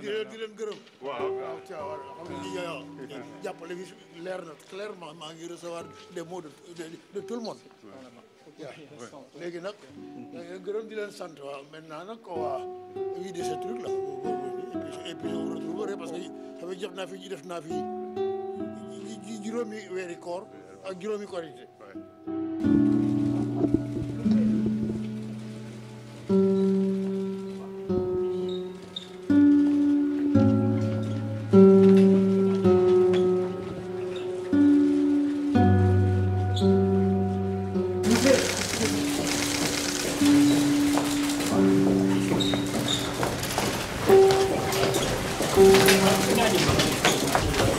di leen di leen gërëm. waaw waaw waaw xam nga yow jàppale bi leer na clairement maa ngi recevoir des mots de de tout le monde. waaw léegi nag. gërëm di leen sant waaw maintenant nag waa vider ce truc là. et puis je vous retrouverai parce que xam nga jot naa fi def naa fi juróomi weeri koor ak juróomi korité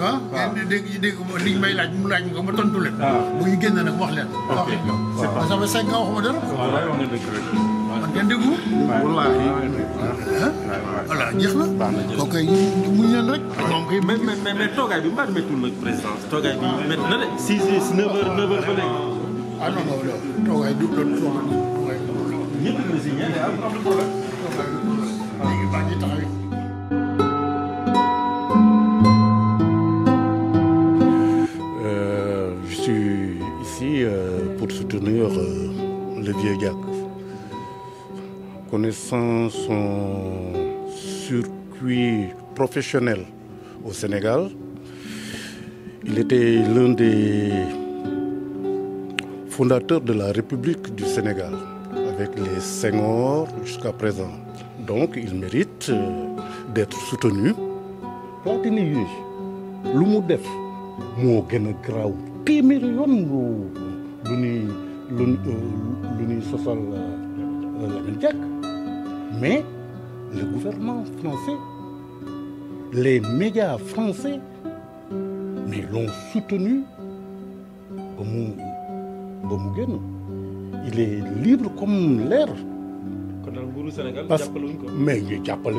ah ngeen dégg dégg liñ may laaj mu laaj ko ma tontu leen. bu ñu génn nag wax leen. ok c'est pas ça fait cinq ans waxuma dara. waaw wax nga dëgg rek. man ngeen déggu. wallaahi voilà jeex na. baax na kooku ay muñ leen rek. moom kay mais mais mais toogaay bi mbaa méttul nag président toogaay bi métti na de. six six neuf heures neuf heures ba léegi. ah non non non toogaay du doon toogaay. ñëpp la si ñeent am problème. léegi baa ngi taxaw Euh, le vieux Connaissant son circuit professionnel au Sénégal, il était l'un des fondateurs de la République du Sénégal, avec les Seigneurs jusqu'à présent. Donc il mérite euh, d'être soutenu. Euh, euh, l'Amérique, mais le gouvernement français, les médias français, mais l'ont soutenu. Il est libre comme l'air. mais il jàppale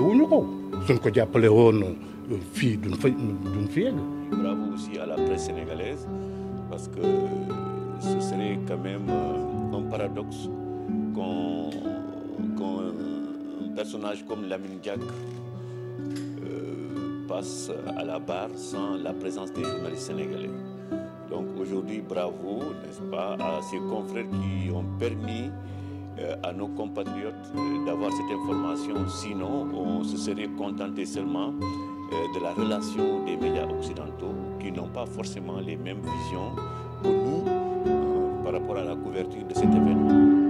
Il ko ko fille euh, fi Bravo aussi à la presse sénégalaise parce que ce serait quand même euh, un paradoxe qu'un personnage comme Lamine Diak euh, passe à la barre sans la présence des journalistes sénégalais. Donc aujourd'hui, bravo, n'est-ce pas, à ces confrères qui ont permis euh, à nos compatriotes d'avoir cette information. Sinon, on se serait contenté seulement de la relation des médias occidentaux qui n'ont pas forcément les mêmes visions que nous rapport à la couverture de cet événement.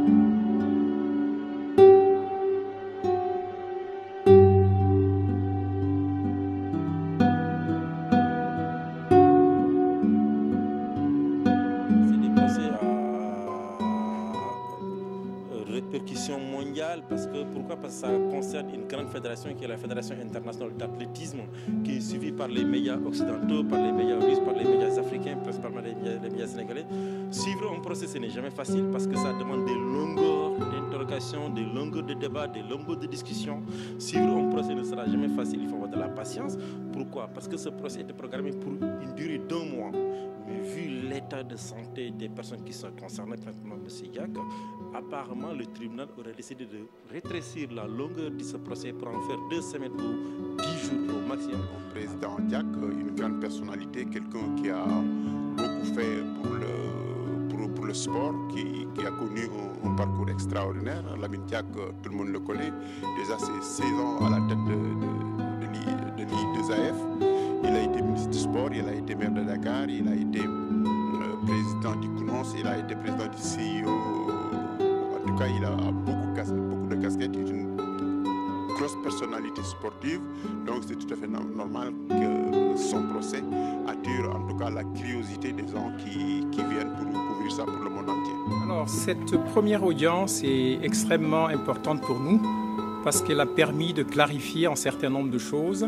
répercussions mondiale parce que pourquoi Parce que ça concerne une grande fédération qui est la Fédération internationale d'athlétisme, qui est suivie par les médias occidentaux, par les médias russes, par les médias africains, principalement les médias, les médias sénégalais. Suivre un procès, ce n'est jamais facile parce que ça demande des longueurs d'interrogations, des longueurs de débats, des longueurs de discussions. Suivre un procès ne sera jamais facile, il faut avoir de la patience. Pourquoi Parce que ce procès est programmé pour une durée d'un mois vu l'état de santé des personnes qui sont concernées par M. Diak, apparemment le tribunal aurait décidé de rétrécir la longueur de ce procès pour en faire deux semaines pour dix jours au maximum. Le président Diak, euh, une grande personnalité, quelqu'un qui a beaucoup fait pour le, sport, qui, a connu un, parcours extraordinaire. La Diak, euh, tout le monde le connaît, déjà ses 16 ans à la tête de, de, de, de il a été maire de Dakar, il a été euh, président du CNOS, il a été président du CEO. En tout cas, il a beaucoup, beaucoup de casquettes, il est une grosse personnalité sportive, donc c'est tout à fait normal que son procès attire en tout cas la curiosité des gens qui, viennent pour couvrir ça pour le monde entier. Alors, cette première audience est extrêmement importante pour nous parce qu'elle a permis de clarifier un certain nombre de choses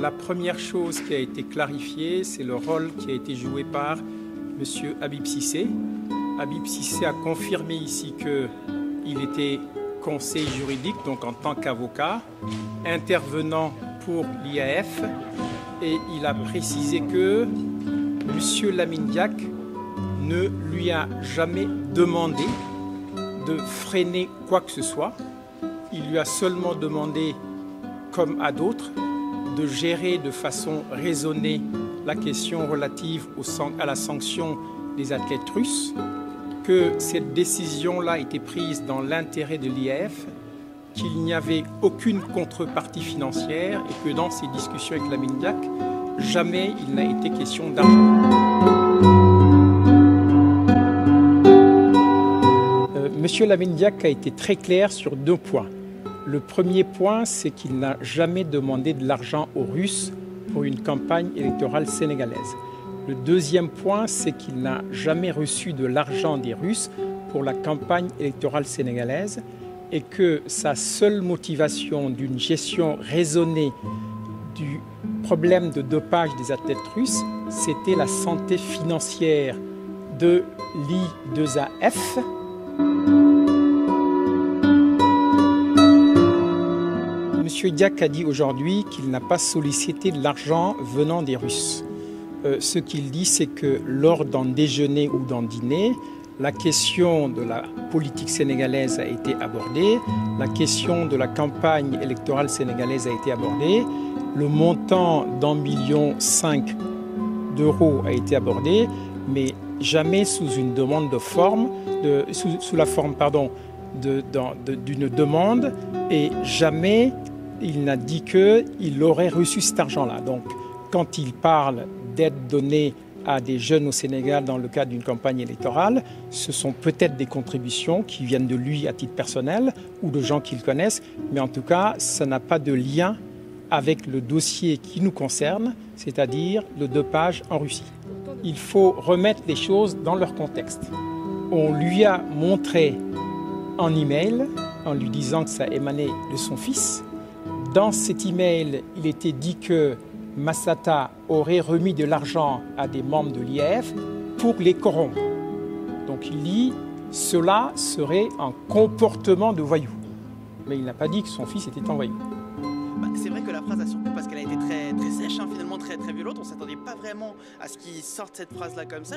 la première chose qui a été clarifiée, c'est le rôle qui a été joué par M. Habib Sissé. Habib Sissé a confirmé ici qu'il était conseil juridique, donc en tant qu'avocat, intervenant pour l'IAF, et il a précisé que M. Lamindiac ne lui a jamais demandé de freiner quoi que ce soit. Il lui a seulement demandé, comme à d'autres, de gérer de façon raisonnée la question relative à la sanction des athlètes russes, que cette décision-là était été prise dans l'intérêt de l'IF, qu'il n'y avait aucune contrepartie financière et que dans ces discussions avec la jamais il n'a été question d'argent. Euh, monsieur Lamindiac a été très clair sur deux points. Le premier point, c'est qu'il n'a jamais demandé de l'argent aux Russes pour une campagne électorale sénégalaise. Le deuxième point, c'est qu'il n'a jamais reçu de l'argent des Russes pour la campagne électorale sénégalaise et que sa seule motivation d'une gestion raisonnée du problème de dopage des athlètes russes, c'était la santé financière de l'I2AF. Diak a dit aujourd'hui qu'il n'a pas sollicité de l'argent venant des Russes. Euh, ce qu'il dit, c'est que lors d'un déjeuner ou d'un dîner, la question de la politique sénégalaise a été abordée, la question de la campagne électorale sénégalaise a été abordée, le montant d'un million cinq d'euros a été abordé, mais jamais sous une demande de forme, sous, la forme pardon, d'une demande et jamais il n'a dit qu'il aurait reçu cet argent-là. Donc, quand il parle d'aide donnée à des jeunes au Sénégal dans le cadre d'une campagne électorale, ce sont peut-être des contributions qui viennent de lui à titre personnel ou de gens qu'il connaisse, mais en tout cas, ça n'a pas de lien avec le dossier qui nous concerne, c'est-à-dire le dopage en Russie. Il faut remettre les choses dans leur contexte. On lui a montré en email, en lui disant que ça émanait de son fils, dans cet email, il était dit que Massata aurait remis de l'argent à des membres de l'IF pour les corrompre. Donc il dit cela serait un comportement de voyou. Mais il n'a pas dit que son fils était un voyou. Bah, c'est vrai que la phrase a surpris parce qu'elle a été très, très sèche, hein, finalement très, très violente. On s'attendait pas vraiment à ce qu'il sorte cette phrase-là comme ça.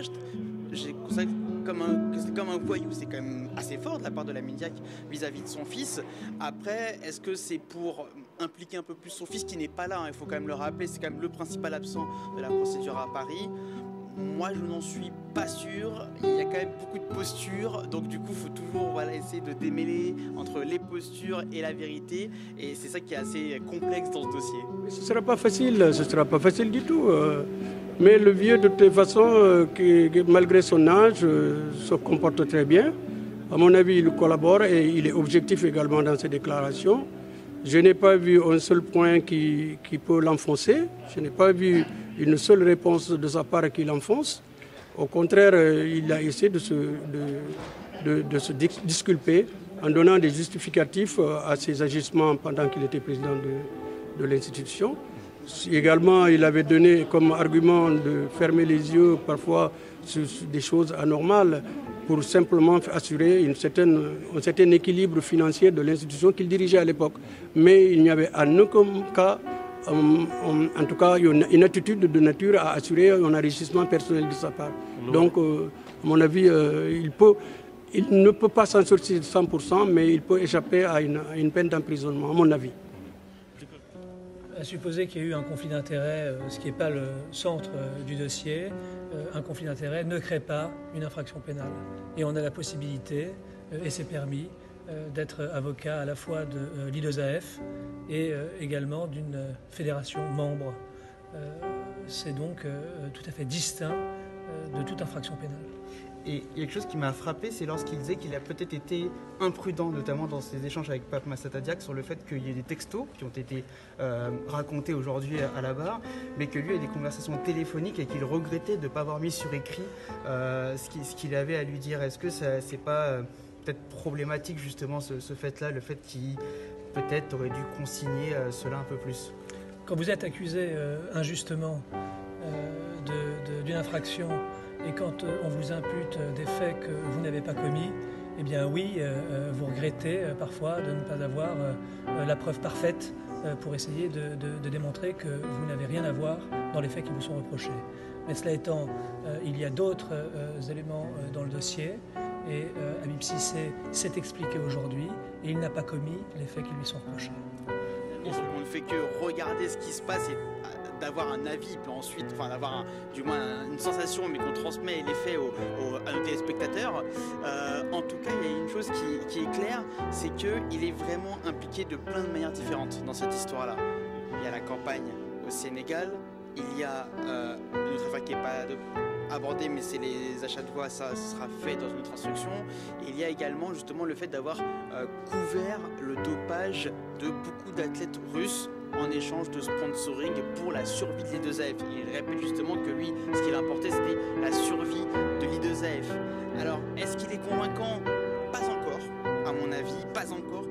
J'ai constaté comme un, comme un voyou. C'est quand même assez fort de la part de la médiaque vis-à-vis de son fils. Après, est-ce que c'est pour impliquer un peu plus son fils qui n'est pas là. Hein, il faut quand même le rappeler, c'est quand même le principal absent de la procédure à Paris. Moi, je n'en suis pas sûr. Il y a quand même beaucoup de postures, donc du coup, il faut toujours essayer de démêler entre les postures et la vérité. Et c'est ça qui est assez complexe dans ce dossier. Ce ne sera pas facile, ce ne sera pas facile du tout. Euh. Mais le vieux, de toute façon, euh, qui, malgré son âge, euh, se comporte très bien. À mon avis, il collabore et il est objectif également dans ses déclarations. Je n'ai pas vu un seul point qui, peut l'enfoncer. Je n'ai pas vu une seule réponse de sa part qui l'enfonce. Au contraire, euh, il a essayé de se, de, se disculper en donnant des justificatifs euh, à ses agissements pendant qu'il était président de, de l'institution. Également, il avait donné comme argument de fermer les yeux parfois sur des choses anormales pour simplement assurer une certaine, un certain équilibre financier de l'institution qu'il dirigeait à l'époque. Mais il n'y avait en aucun cas, euh, en tout cas, une attitude de nature à assurer un enrichissement personnel de sa part. Donc, euh, à mon avis, euh, il, peut, il ne peut pas s'en sortir de 100%, mais il peut échapper à une peine d'emprisonnement, à mon avis à supposer qu'il y ait eu un conflit d'intérêts, euh, ce qui n'est pas le centre euh, du dossier, euh, un conflit d'intérêts ne crée pas une infraction pénale. Et on a la possibilité, et c'est permis, d'être avocat à la fois de l'ideosaf et également d'une fédération membre. C'est donc tout à fait distinct de toute infraction pénale. Et quelque chose qui m'a frappé, c'est lorsqu'il disait qu'il a peut-être été imprudent, notamment dans ses échanges avec Pape Massatadiak, sur le fait qu'il y ait des textos qui ont été euh, racontés aujourd'hui à, la barre, mais que lui a des conversations téléphoniques et qu'il regrettait de ne pas avoir mis sur écrit euh, ce qu'il avait à lui dire. Est-ce que c'est pas euh, peut-être problématique justement ce, ce fait-là, le fait qu'il peut-être aurait dû consigner cela un peu plus Quand vous êtes accusé injustement d'une infraction, et quand euh, on vous impute euh, des faits que vous n'avez pas commis, eh bien oui, euh, vous regrettez parfois de ne pas avoir la preuve parfaite pour essayer de, démontrer que vous n'avez rien à voir dans les faits qui vous sont reprochés. Mais cela étant, il y a d'autres éléments dans le dossier et Abib Sissé s'est expliqué aujourd'hui et il n'a pas commis les faits qui lui sont reprochés. On ne fait que regarder ce qui se passe et d'avoir un avis, puis ensuite, enfin d'avoir du moins une sensation, mais qu'on transmet l'effet au, à nos téléspectateurs. Euh, en tout cas, il y a une chose qui, est claire, c'est qu'il est vraiment impliqué de plein de manières différentes dans cette histoire-là. Il y a la campagne au Sénégal, il y a euh, une autre affaire qui n'est pas abordée, mais c'est les achats de voix, ça sera fait dans une transaction. il y a également justement le fait d'avoir euh, couvert le dopage de beaucoup d'athlètes russes en échange de sponsoring pour la survie de li 2 Il répète justement que lui, ce qu'il importait, c'était la survie de li 2 Alors, est-ce qu'il est convaincant Pas encore, à mon avis, pas encore.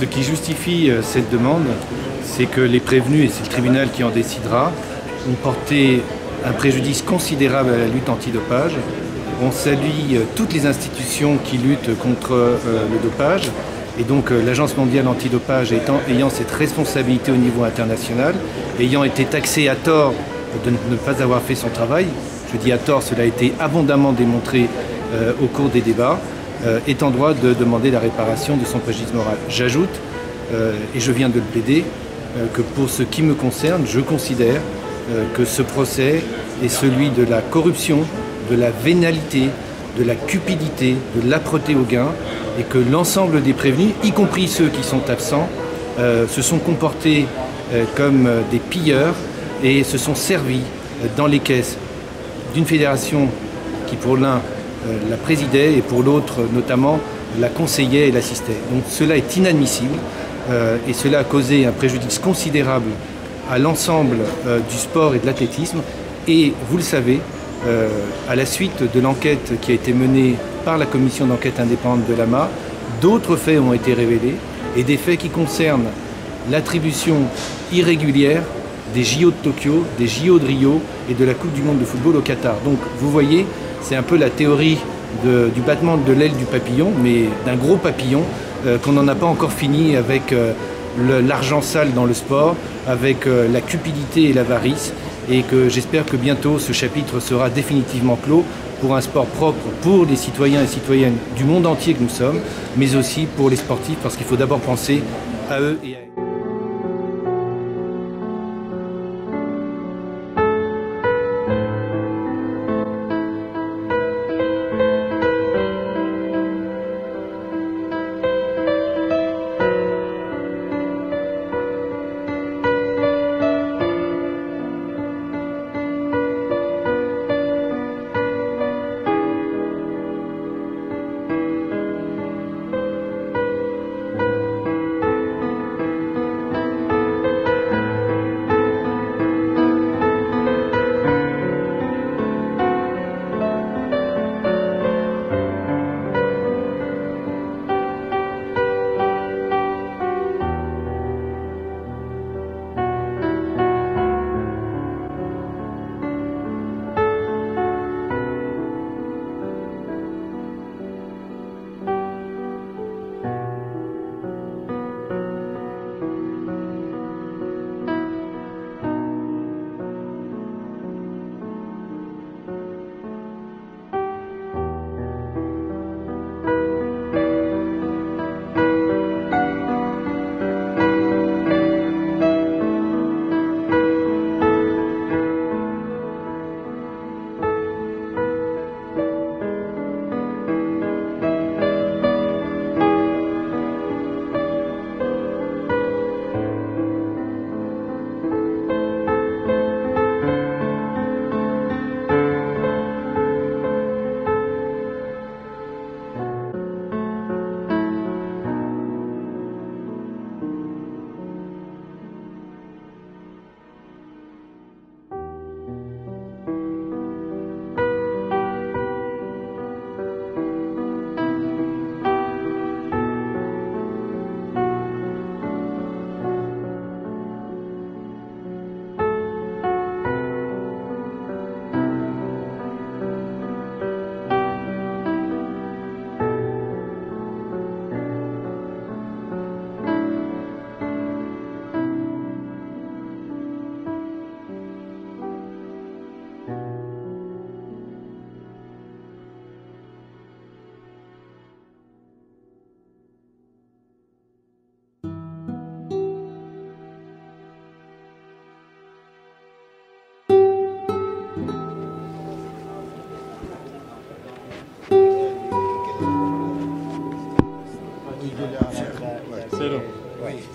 Ce qui justifie euh, cette demande, c'est que les prévenus, et c'est le tribunal qui en décidera, ont porté un préjudice considérable à la lutte antidopage. On salue euh, toutes les institutions qui luttent contre euh, le dopage. Et donc l'Agence mondiale antidopage étant, ayant cette responsabilité au niveau international, ayant été taxée à tort de ne pas avoir fait son travail, je dis à tort, cela a été abondamment démontré au cours des débats, euh, est en droit de demander la réparation de son préjudice moral. J'ajoute, euh, et je viens de le plaider, euh, que pour ce qui me concerne, je considère que ce procès est celui de la corruption, de la vénalité, de la cupidité, de l'âpreté au gain, et que l'ensemble des prévenus, y compris ceux qui sont absents, se sont comportés comme des pilleurs et se sont servis dans les caisses d'une fédération qui pour l'un euh, la présidait et pour l'autre notamment la conseillait et l'assistait. Donc cela est inadmissible euh, et cela a causé un préjudice considérable à l'ensemble euh, du sport et de l'athlétisme. Et vous le savez, à la suite de l'enquête qui a été menée par la commission d'enquête indépendante de l'AMA, d'autres faits ont été révélés et des faits qui concernent l'attribution irrégulière des JO de Tokyo, des JO de Rio et de la Coupe du Monde de football au Qatar. Donc vous voyez, c'est un peu la théorie du battement de l'aile du papillon, mais d'un gros papillon, euh, qu'on n'en a pas encore fini avec euh, l'argent sale dans le sport, avec euh, la cupidité et l'avarice, et que j'espère que bientôt ce chapitre sera définitivement clos pour un sport propre pour les citoyens et citoyennes du monde entier que nous sommes, mais aussi pour les sportifs, parce qu'il faut d'abord penser à eux et à eux.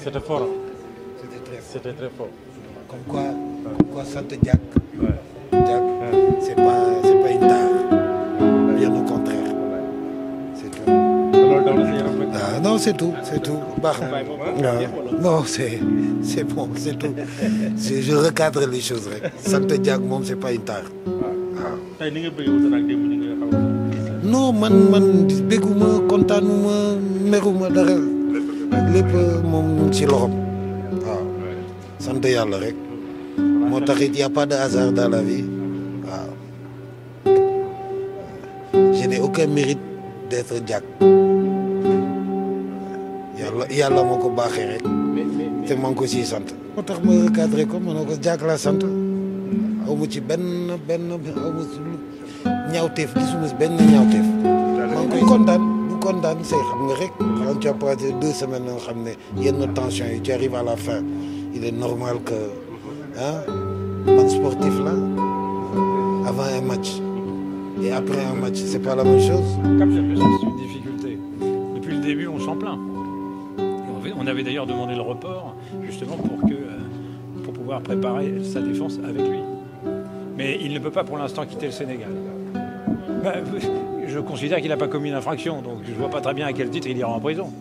C'était fort. C'était très fort. C'était très fort. Comme quoi, comme quoi Sante Jack, ouais. Jack c'est pas, pas une tare. Bien au contraire. C'est tout. Ah, non, c'est tout, c'est tout. Bah, ah, non, c'est bon, c'est tout. Je recadre les choses. Sante Jack, bon, c'est pas une tare. Non, man, man, béguma, contanuma, meruma, d'arrêt lépp moom ci loxom waaw sante yalla rek moo il y a pas de hasard dans la vie waaw je n'ai aucun mérite d'être jack yalla yalla moko ko baaxee rek te maa ko ci sante motax tax ma recadré ko ma jack la sante laa sant aw ma ci benn benn aw ci ñaawteef gisuma benn ñaawteef maa ngi koy quand tu as passé deux semaines il y a une tension et tu arrives à la fin il est normal que hein, sportif là avant un match et après un match c'est pas la même chose. Comme c'est une difficulté depuis le début on s'en plaint on avait d'ailleurs demandé le report justement pour que euh, pour pouvoir préparer sa défense avec lui mais il ne peut pas pour l'instant quitter le Sénégal. Bah, je considère qu'il n'a pas commis une donc je ne vois pas très bien à quel titre il ira en prison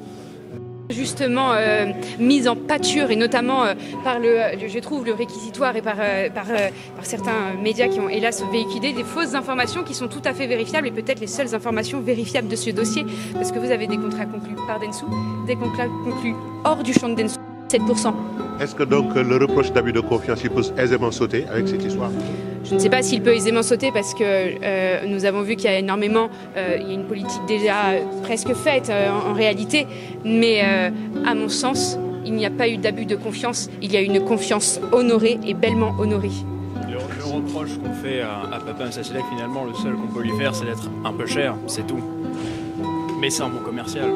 justement euh, mise en pâture et notamment euh, par le, je trouve, le réquisitoire et par, euh, par, par, certains médias qui ont hélas véhiculé des fausses informations qui sont tout à fait vérifiables et peut-être les seules informations vérifiables de ce dossier parce que vous avez des contrats conclus par Densou, des contrats conclus hors du champ de Densou, 7%. Est-ce que donc le reproche d'abus de confiance il peut aisément sauter avec cette histoire je ne sais pas s'il peut aisément sauter parce que euh, nous avons vu qu'il y a énormément, euh, il y a une politique déjà euh, presque faite en, réalité, mais à mon sens, il n'y a pas eu d'abus de confiance, il y a une confiance honorée et bellement honorée. Le, reproche qu'on fait à, Papa Papin finalement, le seul qu'on peut lui faire, c'est d'être un peu cher, c'est tout. Mais c'est un bon commercial.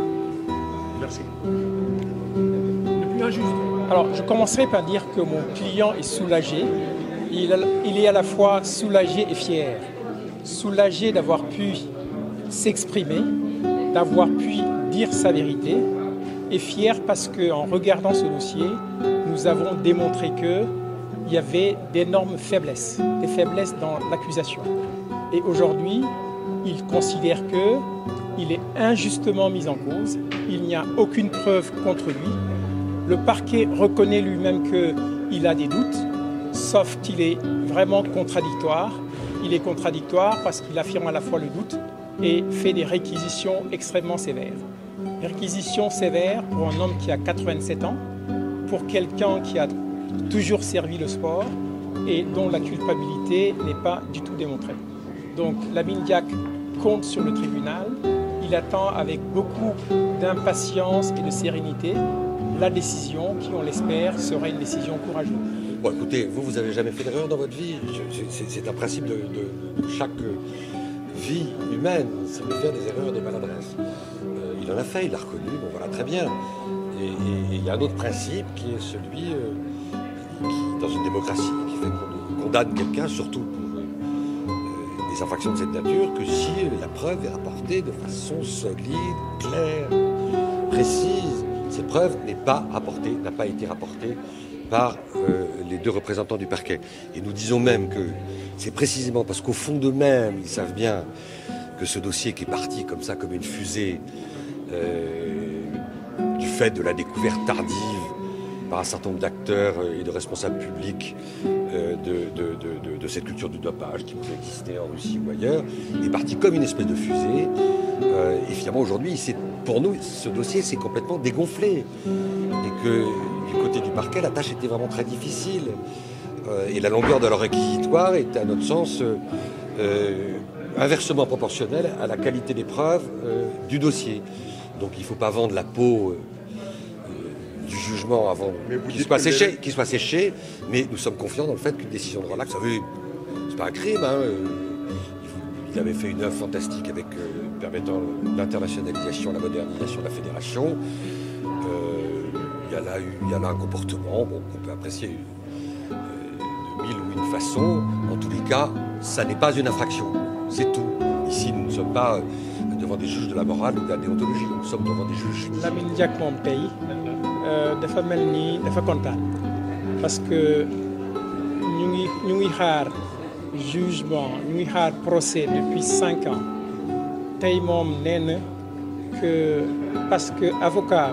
Merci. Le plus injuste. Alors, je commencerai par dire que mon client est soulagé il est à la fois soulagé et fier. Soulagé d'avoir pu s'exprimer, d'avoir pu dire sa vérité, et fier parce qu'en regardant ce dossier, nous avons démontré qu'il y avait d'énormes faiblesses, des faiblesses dans l'accusation. Et aujourd'hui, il considère qu'il est injustement mis en cause, il n'y a aucune preuve contre lui. Le parquet reconnaît lui-même qu'il a des doutes, sauf qu'il est vraiment contradictoire. Il est contradictoire parce qu'il affirme à la fois le doute et fait des réquisitions extrêmement sévères. réquisitions sévères pour un homme qui a 87 ans, pour quelqu'un qui a toujours servi le sport et dont la culpabilité n'est pas du tout démontrée. Donc la compte sur le tribunal. Il attend avec beaucoup d'impatience et de sérénité la décision qui, on l'espère, sera une décision courageuse. Bon, écoutez, vous, vous n'avez jamais fait d'erreur dans votre vie. C'est un principe de, chaque vie humaine, c'est de faire des erreurs des maladresses. Euh, il en a fait, il l'a reconnu, bon voilà, très bien. Et il y a un autre principe qui est celui, euh, qui, dans une démocratie, qui fait qu'on condamne quelqu'un, surtout pour euh, des infractions de cette nature, que si la preuve est rapportée de façon solide, claire, précise, cette preuve n'est pas apportée, n'a pas été rapportée par les deux représentants du parquet. Et nous disons même que c'est précisément parce qu'au fond d'eux-mêmes, ils savent bien que ce dossier qui est parti comme ça, comme une fusée, euh, du fait de la découverte tardive par un certain nombre d'acteurs euh, et de responsables publics euh, de, cette culture du dopage qui pouvait exister en Russie ou ailleurs, est parti comme une espèce de fusée. et finalement, aujourd'hui, pour nous, ce dossier s'est complètement dégonflé. Et que du côté du parquet, la tâche était vraiment très difficile. Euh, et la longueur de leur réquisitoire est, à notre sens, euh, euh, inversement proportionnelle à la qualité des preuves du dossier. Donc il ne faut pas vendre la peau du jugement avant qu'il soit, séché, soit séché, mais nous sommes confiants dans le fait qu'une décision de relax, ça c'est pas un crime. Ils hein, il avait fait une œuvre fantastique avec permettant l'internationalisation, la modernisation de la fédération elle a, eu, a un comportement qu'on peut apprécier euh, de mille ou une façons. En tous les cas, ça n'est pas une infraction. C'est tout. Ici, nous ne sommes pas euh, devant des juges de la morale ou de la déontologie. Nous sommes devant des juges. La Diak, pays, euh, dafa parce que nous avons jugement ñu procès depuis cinq ans que parce que avocat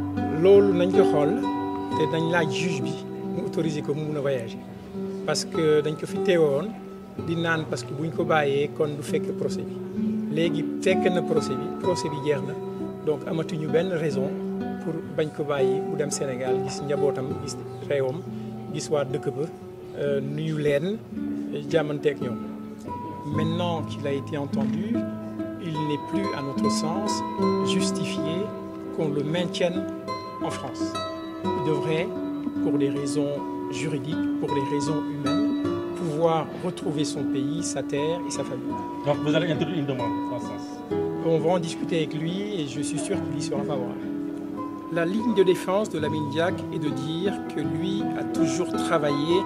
loolu nañ ko xool te dañ laaj juge bi mu autoriser ko mu mun a parce que dañ ko fi teewoon di naan parce que buñ ko bàyyee kon du fekk procès bi léegi fekk na procès bi procès bi jeex na donc amatuñu benn raison pour bañ ko bàyyi mu dem Sénégal gis njabootam gis réewam gis waa dëkk ba euh, nuyu leen jàmmanteeg ñoom maintenant qu'il a été entendu il n'est plus à notre sens justifié qu'on le maintienne en France. Il devrait, pour les raisons juridiques, pour les raisons humaines, pouvoir retrouver son pays, sa terre et sa famille. Donc vous allez introduire une demande en On va en discuter avec lui et je suis sûr qu'il y sera favorable. La ligne de défense de la est de dire que lui a toujours travaillé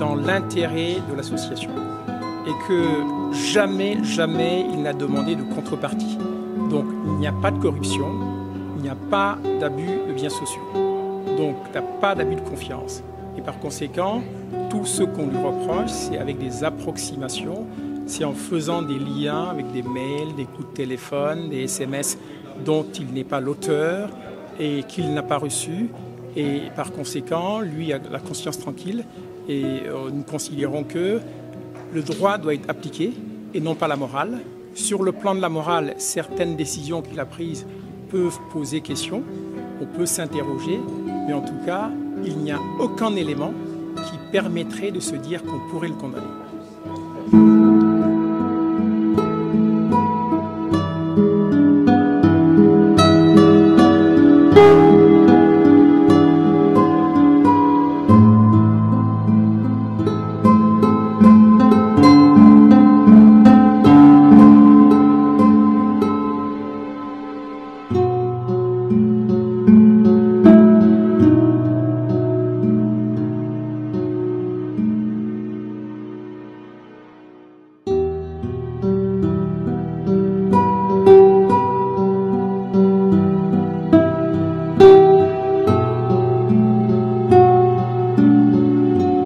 dans l'intérêt de l'association et que jamais, jamais il n'a demandé de contrepartie. Donc il n'y a pas de corruption, il n'y a pas d'abus de biens sociaux. Donc, tu n'as pas d'abus de confiance. Et par conséquent, tout ce qu'on lui reproche, c'est avec des approximations, c'est en faisant des liens avec des mails, des coups de téléphone, des SMS dont il n'est pas l'auteur et qu'il n'a pas reçu. Et par conséquent, lui a la conscience tranquille et euh, nous considérons que le droit doit être appliqué et non pas la morale. Sur le plan de la morale, certaines décisions qu'il a prises peut poser question, on peut s'interroger, mais en tout cas, il n'y a aucun élément qui permettrait de se dire qu'on pourrait le condamner.